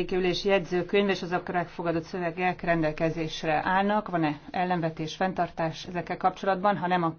Pénteki ülés jegyzőkönyv és akkor elfogadott szövegek rendelkezésre állnak. Van-e ellenvetés, fenntartás ezekkel kapcsolatban? Ha nem, akkor